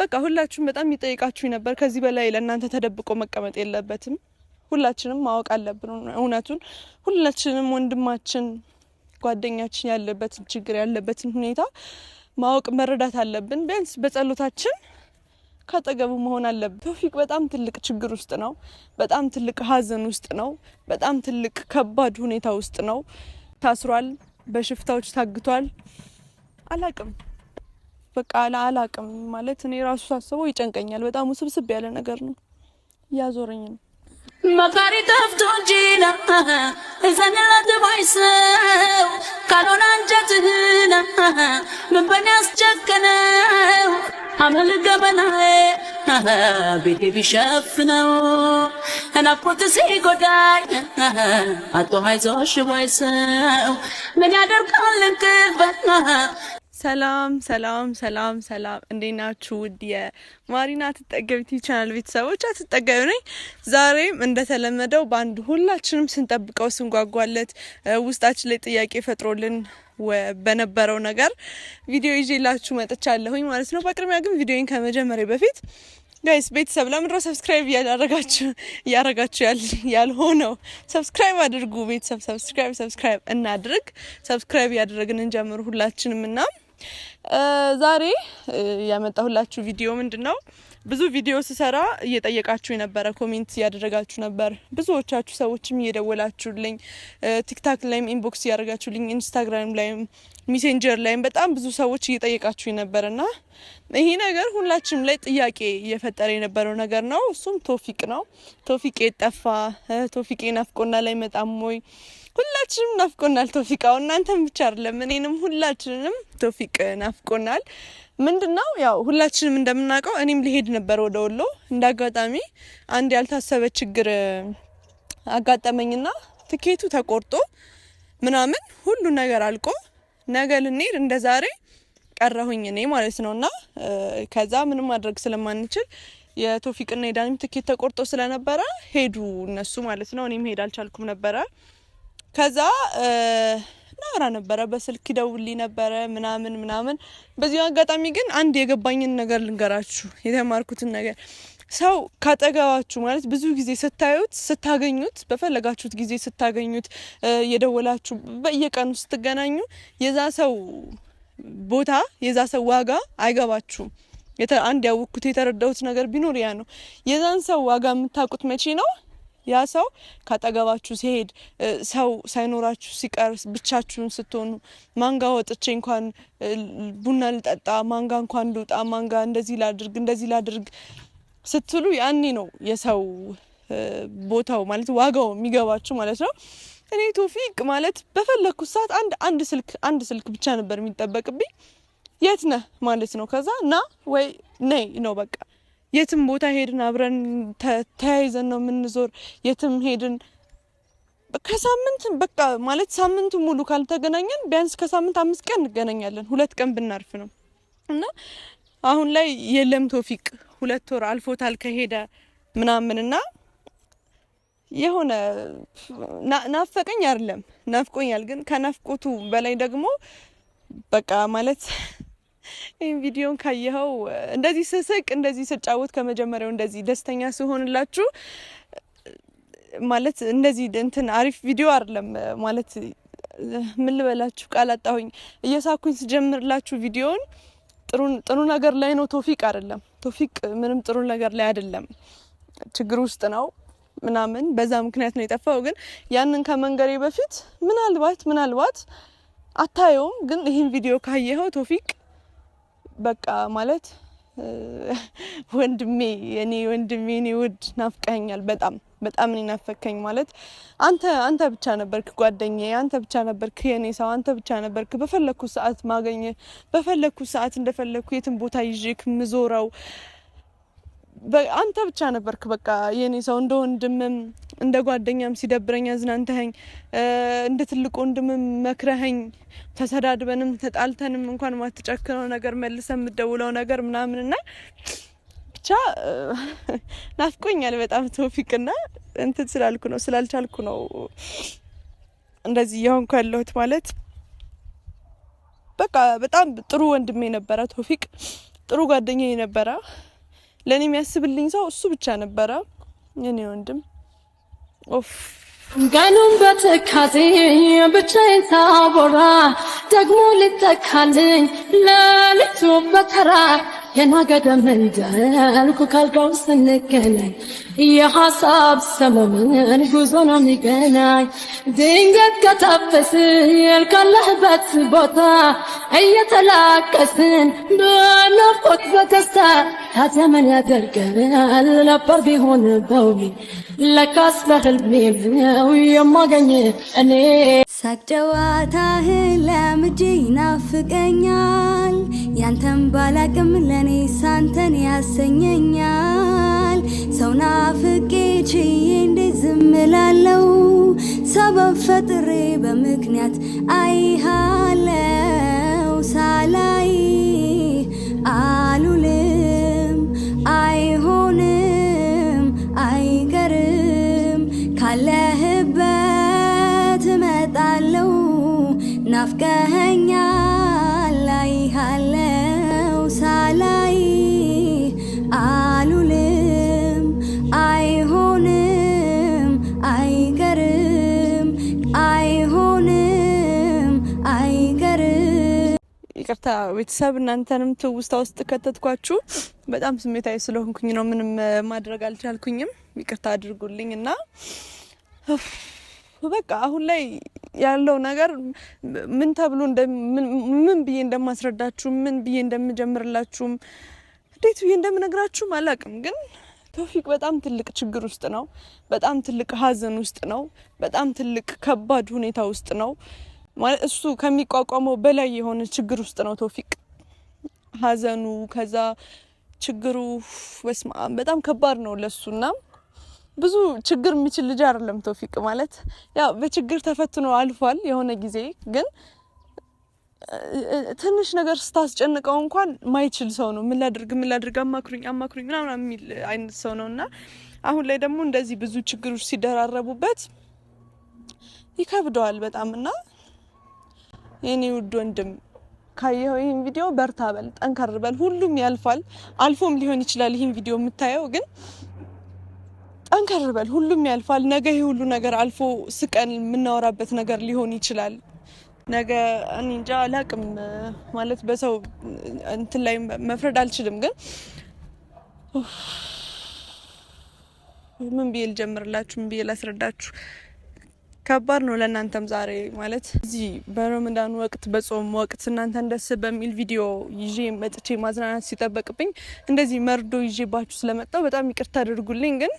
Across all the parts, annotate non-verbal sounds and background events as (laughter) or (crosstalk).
በቃ ሁላችሁም በጣም ይጠይቃችሁ ነበር። ከዚህ በላይ ለእናንተ ተደብቆ መቀመጥ የለበትም። ሁላችንም ማወቅ አለብን እውነቱን። ሁላችንም ወንድማችን ጓደኛችን ያለበትን ችግር ያለበትን ሁኔታ ማወቅ መረዳት አለብን። ቢያንስ በጸሎታችን ካጠገቡ መሆን አለብን። ቶፊቅ በጣም ትልቅ ችግር ውስጥ ነው። በጣም ትልቅ ሀዘን ውስጥ ነው። በጣም ትልቅ ከባድ ሁኔታ ውስጥ ነው። ታስሯል። በሽፍታዎች ታግቷል። አላቅም በቃ አላቅም ማለት እኔ ራሱ ሳስበው ይጨንቀኛል። በጣም ውስብስብ ያለ ነገር ነው፣ እያዞረኝ ነው። መካሪ ጠፍቶ እንጂ ሰው ካልሆነ አንጀትህን ምን በኔ ያስጨከነው አመል ገበና ቤቴ ቢሸፍነው ናፍቆት ሲጎዳኝ አቶ ሀይዞሽ ባይ ሰው ምን ያደርጋል እንቅልፍ ሰላም ሰላም ሰላም ሰላም፣ እንዴት ናችሁ? ውድ የማሪና ትጠገብቲ ቻናል ቤተሰቦች አትጠገብ ነኝ። ዛሬም እንደተለመደው በአንድ ሁላችንም ስንጠብቀው ስንጓጓለት ውስጣችን ላይ ጥያቄ ፈጥሮልን በነበረው ነገር ቪዲዮ ይዤላችሁ መጥቻለሁኝ ማለት ነው። በቅድሚያ ግን ቪዲዮን ከመጀመሪያ በፊት ጋይስ ቤተሰብ ለምድሮ ሰብስክራይብ እያደረጋችሁ እያረጋችሁ ያልሆነው? ሰብስክራይብ አድርጉ ቤተሰብ። ሰብስክራይብ ሰብስክራይብ እናድርግ። ሰብስክራይብ እያደረግን እንጀምር ሁላችንም እና ዛሬ ያመጣሁላችሁ ቪዲዮ ምንድን ነው ብዙ ቪዲዮ ስሰራ እየጠየቃችሁ የነበረ ኮሜንት እያደረጋችሁ ነበር። ብዙዎቻችሁ ሰዎችም እየደወላችሁልኝ ቲክታክ ላይም ኢንቦክስ እያደረጋችሁልኝ፣ ኢንስታግራም ላይም ሚሴንጀር ላይም በጣም ብዙ ሰዎች እየጠየቃችሁ ነበር እና ይሄ ነገር ሁላችንም ላይ ጥያቄ እየፈጠረ የነበረው ነገር ነው። እሱም ቶፊቅ ነው። ቶፊቅ የጠፋ ቶፊቄ ናፍቆናል አይመጣም ወይ? ሁላችንም ናፍቆናል ቶፊቅ። አሁን እናንተም ብቻ አይደለም እኔንም፣ ሁላችንም ቶፊቅ ናፍቆናል። ምንድን ነው ያው ሁላችንም እንደምናውቀው እኔም ሊሄድ ነበር ወደ ወሎ። እንደ አጋጣሚ አንድ ያልታሰበ ችግር አጋጠመኝና ትኬቱ ተቆርጦ ምናምን ሁሉ ነገር አልቆ ነገ ልንሄድ እንደ ዛሬ ቀረሁኝ እኔ ማለት ነው። እና ከዛ ምንም ማድረግ ስለማንችል የቶፊቅና የዳኒም ትኬት ተቆርጦ ስለነበረ ሄዱ እነሱ ማለት ነው። እኔም ሄድ አልቻልኩም ነበረ ከዛ እናወራ ነበረ፣ በስልክ ይደውልልኝ ነበረ ምናምን ምናምን። በዚሁ አጋጣሚ ግን አንድ የገባኝን ነገር ልንገራችሁ፣ የተማርኩትን ነገር ሰው ካጠገባችሁ ማለት ብዙ ጊዜ ስታዩት ስታገኙት፣ በፈለጋችሁት ጊዜ ስታገኙት፣ የደወላችሁ በየቀኑ ስትገናኙ የዛ ሰው ቦታ የዛ ሰው ዋጋ አይገባችሁም። አንድ ያወቅኩት የተረዳሁት ነገር ቢኖር ያ ነው። የዛን ሰው ዋጋ የምታውቁት መቼ ነው? ያ ሰው ካጠገባችሁ ሲሄድ ሰው ሳይኖራችሁ ሲቀር ብቻችሁን ስትሆኑ ማንጋ ወጥቼ እንኳን ቡና ልጠጣ ማንጋ እንኳን ልውጣ ማንጋ እንደዚህ ላድርግ እንደዚህ ላድርግ ስትሉ ያኔ ነው የሰው ቦታው ማለት ዋጋው የሚገባችሁ ማለት ነው። እኔ ቶፊቅ ማለት በፈለግኩት ሰዓት አንድ አንድ ስልክ አንድ ስልክ ብቻ ነበር የሚጠበቅብኝ የት ነህ ማለት ነው። ከዛ ና ወይ ነይ ነው በቃ የትም ቦታ ሄድን አብረን ተያይዘን ነው የምንዞር። የትም ሄድን ከሳምንት በቃ ማለት ሳምንቱ ሙሉ ካልተገናኘን ቢያንስ ከሳምንት አምስት ቀን እንገናኛለን፣ ሁለት ቀን ብናርፍ ነው። እና አሁን ላይ የለም ቶፊቅ ሁለት ወር አልፎታል ከሄደ ምናምን እና የሆነ ናፈቀኝ አይደለም ናፍቆኛል፣ ግን ከናፍቆቱ በላይ ደግሞ በቃ ማለት ይህን ቪዲዮን ካየኸው እንደዚህ ስስቅ፣ እንደዚህ ስጫወት ከመጀመሪያው እንደዚህ ደስተኛ ስሆንላችሁ ማለት እንደዚህ እንትን አሪፍ ቪዲዮ አይደለም ማለት ምን ልበላችሁ፣ ቃል አጣሁኝ። እየሳኩኝ ስጀምርላችሁ ቪዲዮን ጥሩ ነገር ላይ ነው። ቶፊቅ አይደለም ቶፊቅ ምንም ጥሩ ነገር ላይ አይደለም፣ ችግር ውስጥ ነው ምናምን በዛ ምክንያት ነው የጠፋው። ግን ያንን ከመንገሬ በፊት ምናልባት ምናልባት አታየውም፣ ግን ይህን ቪዲዮ ካየኸው ቶፊቅ በቃ ማለት ወንድሜ የኔ ወንድሜ ኔ ውድ ናፍቀኛል። በጣም በጣም እኔ ናፈከኝ ማለት አንተ አንተ ብቻ ነበርክ ጓደኛዬ፣ አንተ ብቻ ነበርክ የኔ ሰው፣ አንተ ብቻ ነበርክ በፈለግኩ ሰዓት ማገኘ በፈለግኩ ሰዓት እንደፈለግኩ የትን ቦታ ይዤክ ምዞረው አንተ ብቻ ነበርክ በቃ የኔ ሰው እንደ ወንድምም እንደ ጓደኛም ሲደብረኝ አዝናንተኸኝ እንደ ትልቅ ወንድምም መክረኸኝ ተሰዳድበንም ተጣልተንም እንኳን ማትጨክነው ነገር መልሰ የምደውለው ነገር ምናምን ና ብቻ ናፍቆኛል በጣም ና እንትን ስላልኩ ነው ስላልቻልኩ ነው እንደዚህ የሆንኩ ያለሁት ማለት በቃ በጣም ጥሩ ወንድሜ ነበረ ቶፊቅ ጥሩ ጓደኛ ነበረ ለእኔ የሚያስብልኝ ሰው እሱ ብቻ ነበረ። የኔ ወንድም ኦፍ ጋኑን በትካዜ ብቻዬን ሳቦራ ደግሞ ልጠካልኝ ለልቱ በከራ የናገደም እንዳልኩ ካልጋው ስንገናኝ የሐሳብ ሰመመን ጉዞ ነው የሚገናኝ። ድንገት ከታፈስን ካለህበት ቦታ እየተላቀስን በናፍቆት በተስታ ታተመን ያደርገናል ነበር ቢሆን በውሚ ለካስ በህልሜ ነው የማገኝ እኔ ሳቅ ጨዋታህን ለምጄ ይናፍቀኛል ያንተን ባላቅም ለኔ ሳንተን ያሰኘኛል ሰው ናፍቄ ችዬ እንዴት ዝም እላለው ሰበብ ፈጥሬ በምክንያት አይሃለው ሳላይ አሉል ይቅርታ ቤተሰብ፣ እናንተንም ትውስታ ውስጥ ከተትኳችሁ በጣም ስሜታዊ ስለሆንኩኝ ነው። ምንም ማድረግ አልቻልኩኝም። ይቅርታ አድርጉልኝ እና በቃ አሁን ላይ ያለው ነገር ምን ተብሎ ምን ብዬ እንደማስረዳችሁ ምን ብዬ እንደምጀምርላችሁም እንዴት ብዬ እንደምነግራችሁም አላቅም ግን ቶፊቅ በጣም ትልቅ ችግር ውስጥ ነው። በጣም ትልቅ ሀዘን ውስጥ ነው። በጣም ትልቅ ከባድ ሁኔታ ውስጥ ነው። ማለት እሱ ከሚቋቋመው በላይ የሆነ ችግር ውስጥ ነው ቶፊቅ። ሀዘኑ ከዛ ችግሩ በስማ በጣም ከባድ ነው ለሱና ብዙ ችግር የሚችል ልጅ አይደለም ቶፊቅ ማለት ያው በችግር ተፈትኖ አልፏል። የሆነ ጊዜ ግን ትንሽ ነገር ስታስጨንቀው እንኳን ማይችል ሰው ነው። ምን ላድርግ ምን ላድርግ አማክሩኝ አማክሩኝ ምናምን የሚል አይነት ሰው ነው እና አሁን ላይ ደግሞ እንደዚህ ብዙ ችግሮች ሲደራረቡበት ይከብደዋል በጣም እና የኔ ውድ ወንድም ካየኸው ይህን ቪዲዮ በርታ በል፣ ጠንከር በል። ሁሉም ያልፋል። አልፎም ሊሆን ይችላል ይህን ቪዲዮ የምታየው ግን ጠንከር በል። ሁሉም ያልፋል። ነገ ይህ ሁሉ ነገር አልፎ ስቀን የምናወራበት ነገር ሊሆን ይችላል። ነገ እኔ እንጃ አላቅም። ማለት በሰው እንትን ላይ መፍረድ አልችልም፣ ግን ምን ብዬ ልጀምርላችሁ? ምን ብዬ ላስረዳችሁ? ከባድ ነው ለእናንተም ዛሬ ማለት እዚህ በረመዳን ወቅት በጾም ወቅት እናንተን ደስ በሚል ቪዲዮ ይዤ መጥቼ ማዝናናት ሲጠበቅብኝ እንደዚህ መርዶ ባችሁ ስለመጣው በጣም ይቅርታ አድርጉልኝ። ግን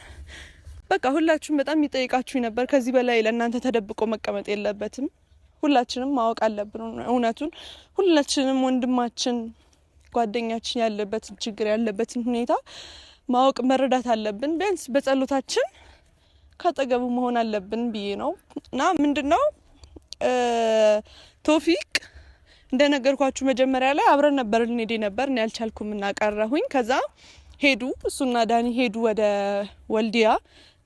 በቃ ሁላችሁም በጣም ይጠይቃችሁ ነበር። ከዚህ በላይ ለእናንተ ተደብቆ መቀመጥ የለበትም። ሁላችንም ማወቅ አለብን እውነቱን። ሁላችንም ወንድማችን ጓደኛችን ያለበትን ችግር ያለበትን ሁኔታ ማወቅ መረዳት አለብን። ቢያንስ በጸሎታችን ካጠገቡ መሆን አለብን ብዬ ነው እና ምንድን ነው ቶፊቅ እንደነገርኳችሁ መጀመሪያ ላይ አብረን ነበር ልንሄድ ነበር እኔ ያልቻልኩም እና ቀረሁኝ። ከዛ ሄዱ እሱና ዳኒ ሄዱ ወደ ወልዲያ።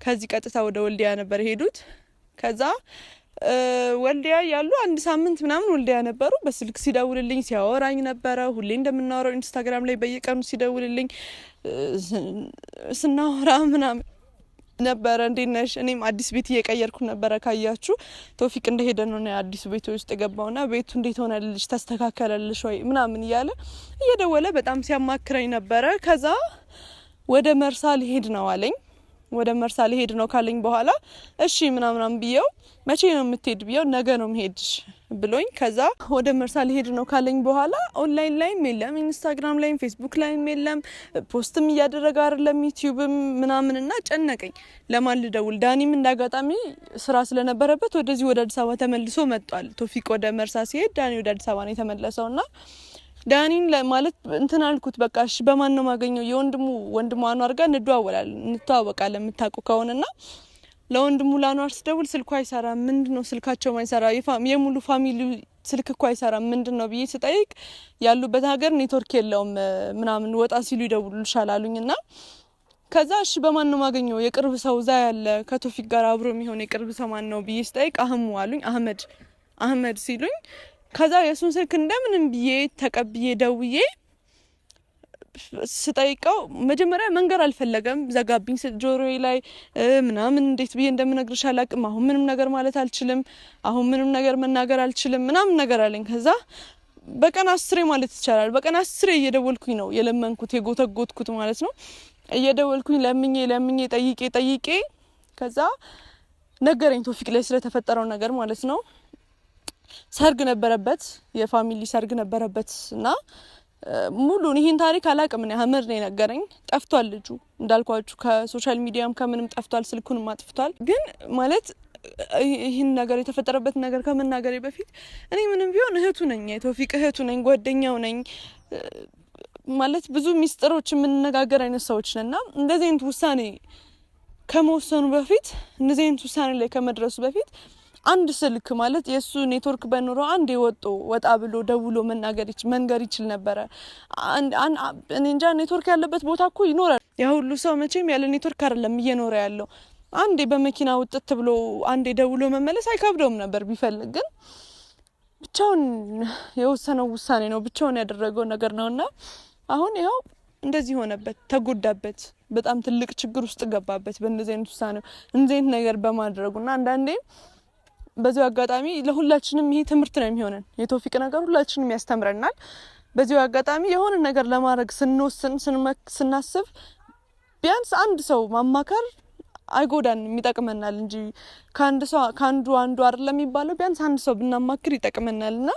ከዚህ ቀጥታ ወደ ወልዲያ ነበር ሄዱት። ከዛ ወልዲያ ያሉ አንድ ሳምንት ምናምን ወልዲያ ነበሩ። በስልክ ሲደውልልኝ ሲያወራኝ ነበረ። ሁሌ እንደምናወራው ኢንስታግራም ላይ በየቀኑ ሲደውልልኝ ስናወራ ምናምን ነበረ። እንዴት ነሽ? እኔም አዲስ ቤት እየቀየርኩ ነበረ። ካያችሁ ቶፊቅ እንደሄደ ነው ነ አዲሱ ቤት ውስጥ የገባው ና ቤቱ እንዴት ሆነልሽ ተስተካከለልሽ ወይ ምናምን እያለ እየደወለ በጣም ሲያማክረኝ ነበረ። ከዛ ወደ መርሳ ሊሄድ ነው አለኝ ወደ መርሳ ሊሄድ ነው ካለኝ በኋላ እሺ ምናምናም ብየው መቼ ነው የምትሄድ ብየው ነገ ነው መሄድ ብሎኝ ከዛ ወደ መርሳ ሊሄድ ነው ካለኝ በኋላ ኦንላይን ላይም የለም ኢንስታግራም ላይም ፌስቡክ ላይም የለም ፖስትም እያደረገ አይደለም ዩቲዩብም ምናምን እና ጨነቀኝ ለማን ልደውል ዳኒም እንዳጋጣሚ ስራ ስለነበረበት ወደዚህ ወደ አዲስ አበባ ተመልሶ መጧል ቶፊቅ ወደ መርሳ ሲሄድ ዳኒ ወደ አዲስ አበባ ነው የተመለሰው ና ዳኒን ማለት እንትን አልኩት። በቃ እሺ በማን ነው ማገኘው? የወንድሙ ወንድሙ አኗር ጋር እንደዋወላለን እንተዋወቃለን የምታውቁ ከሆነና ለወንድሙ ለአኗር ስደውል ስልኩ አይሰራ። ምንድን ነው ስልካቸው አይሰራ የሙሉ ፋሚሊ ስልክ እኮ አይሰራ ምንድን ነው ብዬ ስጠይቅ ያሉበት ሀገር ኔትወርክ የለውም ምናምን ወጣ ሲሉ ይደውሉልሻል አሉኝ እና ከዛ እሺ በማን ነው ማገኘው የቅርብ ሰው እዛ ያለ ከቶፊክ ጋር አብሮ የሚሆን የቅርብ ሰው ማን ነው ብዬ ስጠይቅ አህሙ አሉኝ አህመድ አህመድ ሲሉኝ ከዛ የእሱን ስልክ እንደምንም ብዬ ተቀብዬ ደውዬ ስጠይቀው መጀመሪያ መንገር አልፈለገም። ዘጋብኝ ጆሮ ላይ ምናምን እንዴት ብዬ እንደምነግርሽ አላቅም። አሁን ምንም ነገር ማለት አልችልም። አሁን ምንም ነገር መናገር አልችልም ምናምን ነገር አለኝ። ከዛ በቀን አስሬ ማለት ይቻላል በቀን አስሬ እየደወልኩኝ ነው የለመንኩት የጎተጎትኩት ማለት ነው። እየደወልኩኝ ለምኜ ለምኜ ጠይቄ ጠይቄ ከዛ ነገረኝ ቶፊቅ ላይ ስለተፈጠረው ነገር ማለት ነው። ሰርግ ነበረበት፣ የፋሚሊ ሰርግ ነበረበት እና ሙሉን ይህን ታሪክ አላቅም። ሀመድ ነው የነገረኝ። ጠፍቷል ልጁ እንዳልኳችሁ ከሶሻል ሚዲያም ከምንም ጠፍቷል፣ ስልኩንም አጥፍቷል። ግን ማለት ይህን ነገር የተፈጠረበት ነገር ከመናገሬ በፊት እኔ ምንም ቢሆን እህቱ ነኝ፣ የተውፊቅ እህቱ ነኝ፣ ጓደኛው ነኝ። ማለት ብዙ ሚስጥሮች የምንነጋገር አይነት ሰዎች ነን እና እንደዚህ አይነት ውሳኔ ከመወሰኑ በፊት እንደዚህ አይነት ውሳኔ ላይ ከመድረሱ በፊት አንድ ስልክ ማለት የእሱ ኔትወርክ በኑሮ አንድ የወጡ ወጣ ብሎ ደውሎ መናገር መንገር ይችል ነበረ። እኔ እንጃ ኔትወርክ ያለበት ቦታ እኮ ይኖራል። የሁሉ ሁሉ ሰው መቼም ያለ ኔትወርክ አይደለም እየኖረ ያለው። አንዴ በመኪና ውጥት ብሎ አንዴ ደውሎ መመለስ አይከብደውም ነበር ቢፈልግ። ግን ብቻውን የወሰነው ውሳኔ ነው፣ ብቻውን ያደረገው ነገር ነው እና አሁን ይኸው እንደዚህ ሆነበት፣ ተጎዳበት፣ በጣም ትልቅ ችግር ውስጥ ገባበት በእንደዚህ አይነት ውሳኔ፣ እንደዚህ አይነት ነገር በማድረጉ እና አንዳንዴ በዚሁ አጋጣሚ ለሁላችንም ይሄ ትምህርት ነው የሚሆነን። የቶፊቅ ነገር ሁላችንም ያስተምረናል። በዚሁ አጋጣሚ የሆነ ነገር ለማድረግ ስንወስን ስናስብ ቢያንስ አንድ ሰው ማማከር አይጎዳን ይጠቅመናል እንጂ ከአንድ ሰው ከአንዱ አንዱ አይደለም የሚባለው። ቢያንስ አንድ ሰው ብናማክር ይጠቅመናል እና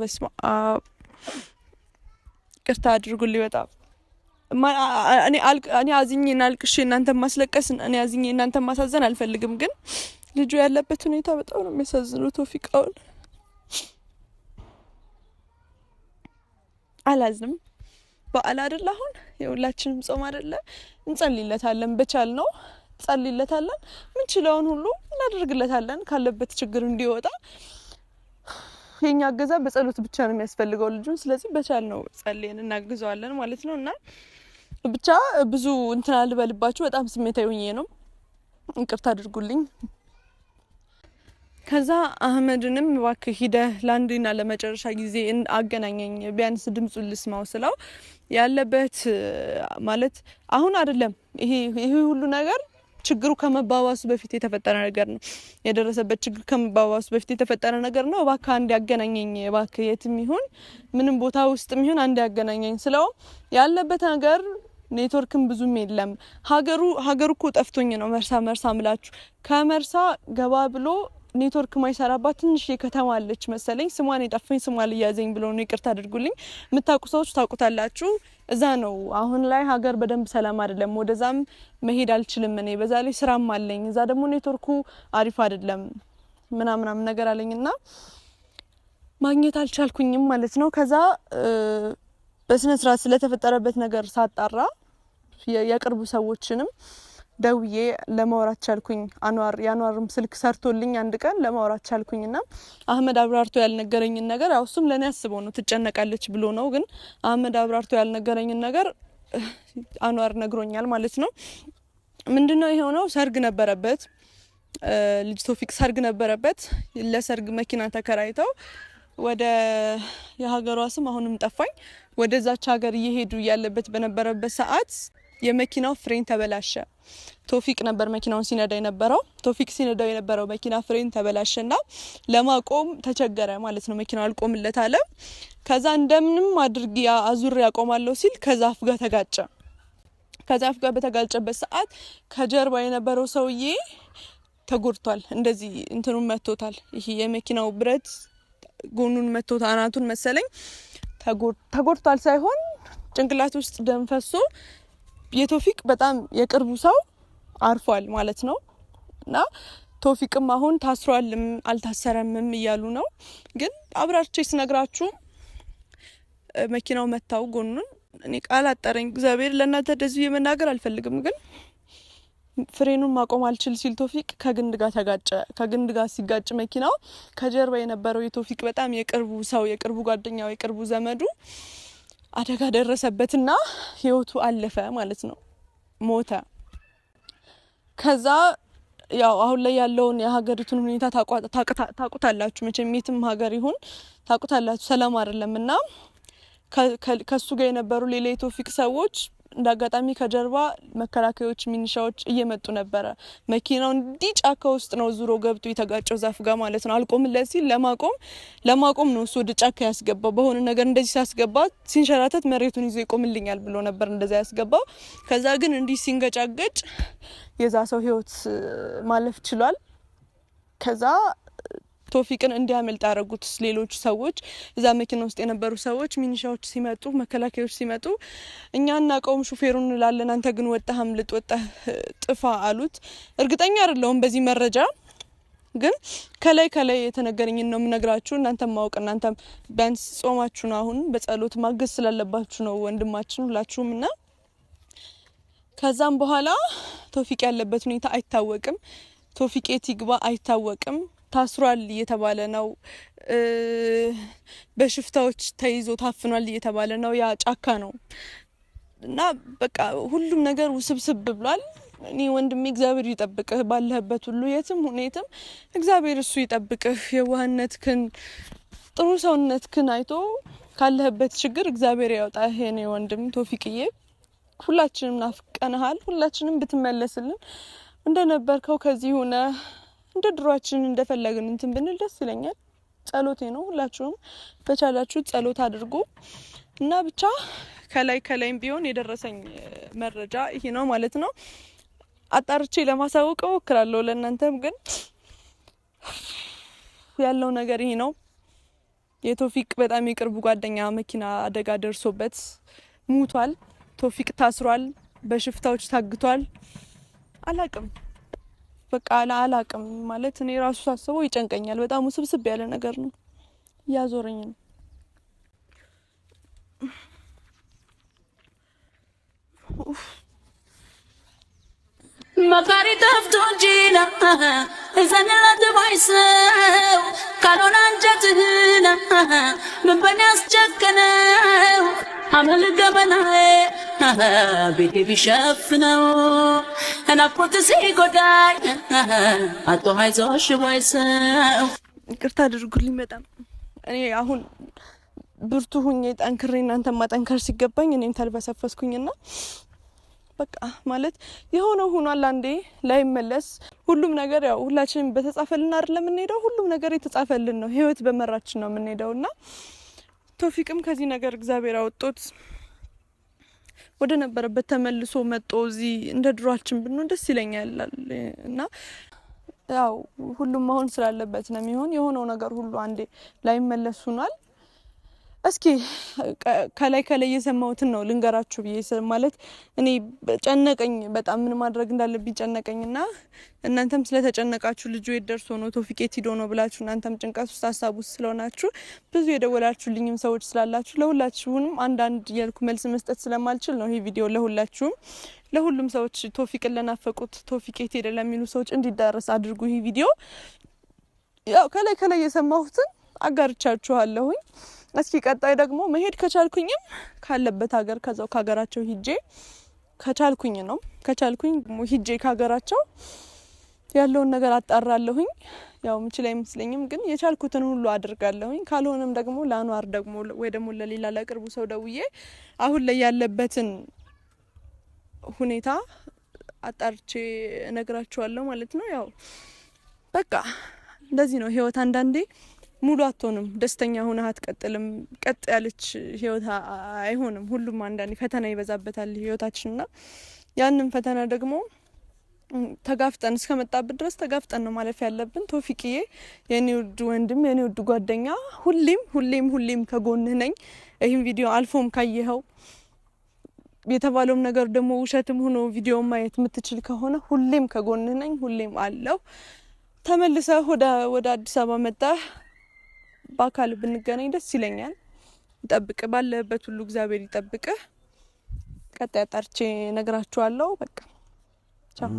በስመ አብ ይቅርታ አድርጉልኝ በጣም እኔ አዝኜ እናልቅሽ እናንተ ማስለቀስ እኔ አዝኜ እናንተ ማሳዘን አልፈልግም፣ ግን ልጁ ያለበት ሁኔታ በጣም ነው የሚያሳዝነው። ቶፊቃውን አላዝንም። በዓል አደለ አሁን የሁላችንም ጾም አደለ። እንጸልይለታለን፣ በቻል ነው እንጸልይለታለን። ምንችለውን ሁሉ እናደርግለታለን ካለበት ችግር እንዲወጣ። የኛ እገዛ በጸሎት ብቻ ነው የሚያስፈልገው ልጁን። ስለዚህ በቻል ነው ጸልየን እናግዘዋለን ማለት ነው እና ብቻ ብዙ እንትና አልበልባችሁ። በጣም ስሜታዊ ሆኜ ነው፣ ይቅርታ አድርጉልኝ። ከዛ አህመድንም እባክህ ሂደህ ለአንድና ለመጨረሻ ጊዜ አገናኘኝ፣ ቢያንስ ድምፁን ልስማው ስለው ያለበት ማለት አሁን አይደለም ይሄ ይሄ ሁሉ ነገር ችግሩ ከመባባሱ በፊት የተፈጠረ ነገር ነው። የደረሰበት ችግር ከመባባሱ በፊት የተፈጠረ ነገር ነው። እባክህ አንድ ያገናኘኝ፣ እባክህ የትም ይሁን ምንም ቦታ ውስጥ ይሁን አንድ ያገናኘኝ ስለው ያለበት ነገር ኔትወርክም ብዙም የለም። ሀገሩ ሀገሩ እኮ ጠፍቶኝ ነው መርሳ መርሳ ምላችሁ ከመርሳ ገባ ብሎ ኔትወርክ ማይሰራባት ትንሽ ከተማ አለች መሰለኝ። ስሟን የጠፈኝ ስሟ ልያዘኝ ብሎ ነው፣ ይቅርታ አድርጉልኝ። የምታውቁ ሰዎች ታውቁታላችሁ። እዛ ነው አሁን ላይ ሀገር በደንብ ሰላም አይደለም። ወደዛም መሄድ አልችልም እኔ። በዛ ላይ ስራም አለኝ። እዛ ደግሞ ኔትወርኩ አሪፍ አይደለም ምናምናም ነገር አለኝና ማግኘት አልቻልኩኝም ማለት ነው። ከዛ በስነስርዓት ስለተፈጠረበት ነገር ሳጣራ የቅርብ ሰዎችንም ደውዬ ለማውራት ቻልኩኝ። አንዋር የአንዋርም ስልክ ሰርቶልኝ አንድ ቀን ለማውራት ቻልኩኝ። ና አህመድ አብራርቶ ያልነገረኝን ነገር ያው እሱም ለእኔ አስበው ነው ትጨነቃለች ብሎ ነው። ግን አህመድ አብራርቶ ያልነገረኝን ነገር (sighs) አንዋር ነግሮኛል ማለት ነው። ምንድነው የሆነው? ሰርግ ነበረበት ልጅ ቶፊቅ ሰርግ ነበረበት። ለሰርግ መኪና ተከራይተው ወደ የሀገሯ ስም አሁንም ጠፋኝ፣ ወደዛች ሀገር እየሄዱ ያለበት በነበረበት ሰዓት የመኪናው ፍሬን ተበላሸ። ቶፊቅ ነበር መኪናውን ሲነዳ የነበረው። ቶፊቅ ሲነዳው የነበረው መኪና ፍሬን ተበላሸና ለማቆም ተቸገረ ማለት ነው። መኪናው አልቆምለት አለ። ከዛ እንደምንም አድርግ አዙር ያቆማለሁ ሲል ከዛፍ ጋር ተጋጨ። ከዛፍ ጋር በተጋጨበት ሰዓት ከጀርባ የነበረው ሰውዬ ተጎድቷል። እንደዚህ እንትኑን መቶታል። ይሄ የመኪናው ብረት ጎኑን መቶት አናቱን መሰለኝ ተጎድቷል ሳይሆን ጭንቅላት ውስጥ ደም ፈሶ የቶፊቅ በጣም የቅርቡ ሰው አርፏል ማለት ነው እና ቶፊቅም አሁን ታስሯልም አልታሰረምም እያሉ ነው። ግን አብራርቼ ስነግራችሁ መኪናው መታው ጎኑን እኔ ቃል አጠረኝ። እግዚአብሔር ለእናንተ እንደዚሁ የመናገር አልፈልግም፣ ግን ፍሬኑን ማቆም አልችል ሲል ቶፊቅ ከግንድ ጋር ተጋጨ። ከግንድ ጋር ሲጋጭ መኪናው ከጀርባ የነበረው የቶፊቅ በጣም የቅርቡ ሰው የቅርቡ ጓደኛው የቅርቡ ዘመዱ አደጋ ደረሰበትና ህይወቱ አለፈ ማለት ነው። ሞተ። ከዛ ያው አሁን ላይ ያለውን የሀገሪቱን ሁኔታ ታቁታላችሁ። መቼም የትም ሀገር ይሁን ታቁታላችሁ፣ ሰላም አይደለም እና ከሱ ጋር የነበሩ ሌላ የቶፊቅ ሰዎች እንደ አጋጣሚ ከጀርባ መከላከያዎች ሚኒሻዎች እየመጡ ነበረ። መኪናው እንዲህ ጫካ ውስጥ ነው ዙሮ ገብቶ የተጋጨው ዛፍ ጋር ማለት ነው። አልቆምለት ሲል ለማቆም ለማቆም ነው እሱ ወደ ጫካ ያስገባው። በሆነ ነገር እንደዚህ ሲያስገባ ሲንሸራተት መሬቱን ይዞ ይቆምልኛል ብሎ ነበር እንደዛ ያስገባው። ከዛ ግን እንዲህ ሲንገጫገጭ የዛ ሰው ህይወት ማለፍ ችሏል። ከዛ ቶፊቅን እንዲያመልጥ ያደረጉት ሌሎች ሰዎች እዛ መኪና ውስጥ የነበሩ ሰዎች ሚኒሻዎች ሲመጡ መከላከያዎች ሲመጡ እኛ እናቀውም ሹፌሩን እንላለን፣ አንተ ግን ወጣህ፣ አምልጥ፣ ወጣህ፣ ጥፋ አሉት። እርግጠኛ አይደለሁም በዚህ መረጃ ግን ከላይ ከላይ የተነገረኝን ነው የምነግራችሁ። እናንተም ማወቅ እናንተም ቢያንስ ጾማችሁ ነው አሁን በጸሎት ማገዝ ስላለባችሁ ነው ወንድማችን ሁላችሁም እና ከዛም በኋላ ቶፊቅ ያለበት ሁኔታ አይታወቅም። ቶፊቄት ይግባ አይታወቅም። ታስሯል እየተባለ ነው። በሽፍታዎች ተይዞ ታፍኗል እየተባለ ነው። ያ ጫካ ነው እና በቃ ሁሉም ነገር ውስብስብ ብሏል። እኔ ወንድሜ እግዚአብሔር ይጠብቅህ፣ ባለህበት ሁሉ የትም ሁኔትም እግዚአብሔር እሱ ይጠብቅህ። የዋህነትክን ጥሩ ሰውነትክን አይቶ ካለህበት ችግር እግዚአብሔር ያውጣህ። የኔ ወንድም ቶፊቅዬ፣ ሁላችንም ናፍቀንሃል። ሁላችንም ብትመለስልን እንደነበርከው ከዚህ ሆነ እንደ ድሯችን እንደፈለግን እንትን ብንል ደስ ይለኛል። ጸሎቴ ነው። ሁላችሁም በቻላችሁ ጸሎት አድርጉ እና ብቻ ከላይ ከላይም ቢሆን የደረሰኝ መረጃ ይሄ ነው ማለት ነው። አጣርቼ ለማሳወቅ እሞክራለሁ። ለእናንተም ግን ያለው ነገር ይሄ ነው። የቶፊቅ በጣም የቅርቡ ጓደኛ መኪና አደጋ ደርሶበት ሙቷል። ቶፊቅ ታስሯል፣ በሽፍታዎች ታግቷል። አላቅም በቃ አላቅም ማለት እኔ ራሱ ሳስበው ይጨንቀኛል። በጣም ውስብስብ ያለ ነገር ነው፣ እያዞረኝ ነው። መካሪ ጠፍቶ እንጂ እዘንላት ባይሰው ካልሆነ አንጀትህን ምን በን ያስጨከነው አመል ገመናዬ ቤቴ ቢሸፍነው ናፍቆት ሲጎዳኝ አቶ ሀይዞሽ ወይ ሰው ይቅርታ አድርጉልኝ። በጣም እኔ አሁን ብርቱ ሁኜ ጠንክሬ እናንተ ማጠንከር ሲገባኝ እኔም ተልበሰፈስኩኝና በቃ ማለት የሆነ ሆኗል። አንዴ ላይመለስ ሁሉም ነገር ያው ሁላችንም በተጻፈልን አይደለም የምንሄደው፣ ሁሉም ነገር የተጻፈልን ነው። ህይወት በመራችን ነው የምንሄደው እና ቶፊቅም ከዚህ ነገር እግዚአብሔር አወጦት ወደ ነበረበት ተመልሶ መጦ እዚህ እንደ ድሯችን ብንሆን ደስ ይለኛል እና ያው ሁሉም አሁን ስላለበት ነው የሚሆን የሆነው ነገር ሁሉ አንዴ ላይመለሱናል እስኪ ከላይ ከላይ የሰማሁትን ነው ልንገራችሁ ብዬ ማለት እኔ ጨነቀኝ፣ በጣም ምን ማድረግ እንዳለብኝ ጨነቀኝ። እና እናንተም ስለተጨነቃችሁ ልጁ የት ደርሶ ነው ቶፊቄት ሂዶ ነው ብላችሁ እናንተም ጭንቀት ውስጥ ሀሳብ ውስጥ ስለሆናችሁ ብዙ የደወላችሁልኝም ሰዎች ስላላችሁ ለሁላችሁንም አንዳንድ የልኩ መልስ መስጠት ስለማልችል ነው ይሄ ቪዲዮ ለሁላችሁም ለሁሉም ሰዎች ቶፊቅን ለናፈቁት ቶፊቄት ሄደ ለሚሉ ሰዎች እንዲዳረስ አድርጉ። ይህ ቪዲዮ ያው ከላይ ከላይ የሰማሁትን አጋርቻችኋለሁኝ። እስኪ ቀጣይ ደግሞ መሄድ ከቻልኩኝም ካለበት ሀገር ከዛው ከሀገራቸው ሂጄ ከቻልኩኝ ነው ከቻልኩኝ ደግሞ ሂጄ ከሀገራቸው ያለውን ነገር አጣራለሁኝ። ያው ምችል አይመስለኝም፣ ግን የቻልኩትን ሁሉ አድርጋለሁኝ። ካልሆነም ደግሞ ለአኗር ደግሞ ወይ ደግሞ ለሌላ ለቅርቡ ሰው ደውዬ አሁን ላይ ያለበትን ሁኔታ አጣርቼ እነግራችኋለሁ ማለት ነው። ያው በቃ እንደዚህ ነው ህይወት አንዳንዴ ሙሉ አትሆንም፣ ደስተኛ ሆነ አትቀጥልም። ቀጥ ያለች ህይወት አይሆንም። ሁሉም አንዳንድ ፈተና ይበዛበታል ህይወታችንና ያንን ፈተና ደግሞ ተጋፍጠን እስከመጣበት ድረስ ተጋፍጠን ነው ማለፍ ያለብን። ቶፊቅዬ የኔ ውድ ወንድም የኔ ውድ ጓደኛ፣ ሁሌም ሁሌም ሁሌም ከጎንህ ነኝ። ይህም ቪዲዮ አልፎም ካየኸው የተባለውም ነገር ደግሞ ውሸትም ሆኖ ቪዲዮ ማየት የምትችል ከሆነ ሁሌም ከጎንህ ነኝ፣ ሁሌም አለው። ተመልሰህ ወደ አዲስ አበባ መጣህ በአካል ብንገናኝ ደስ ይለኛል። ይጠብቅ፣ ባለበት ሁሉ እግዚአብሔር ይጠብቅህ። ቀጣይ አጣርቼ ነግራችኋለሁ። በቃ ቻው።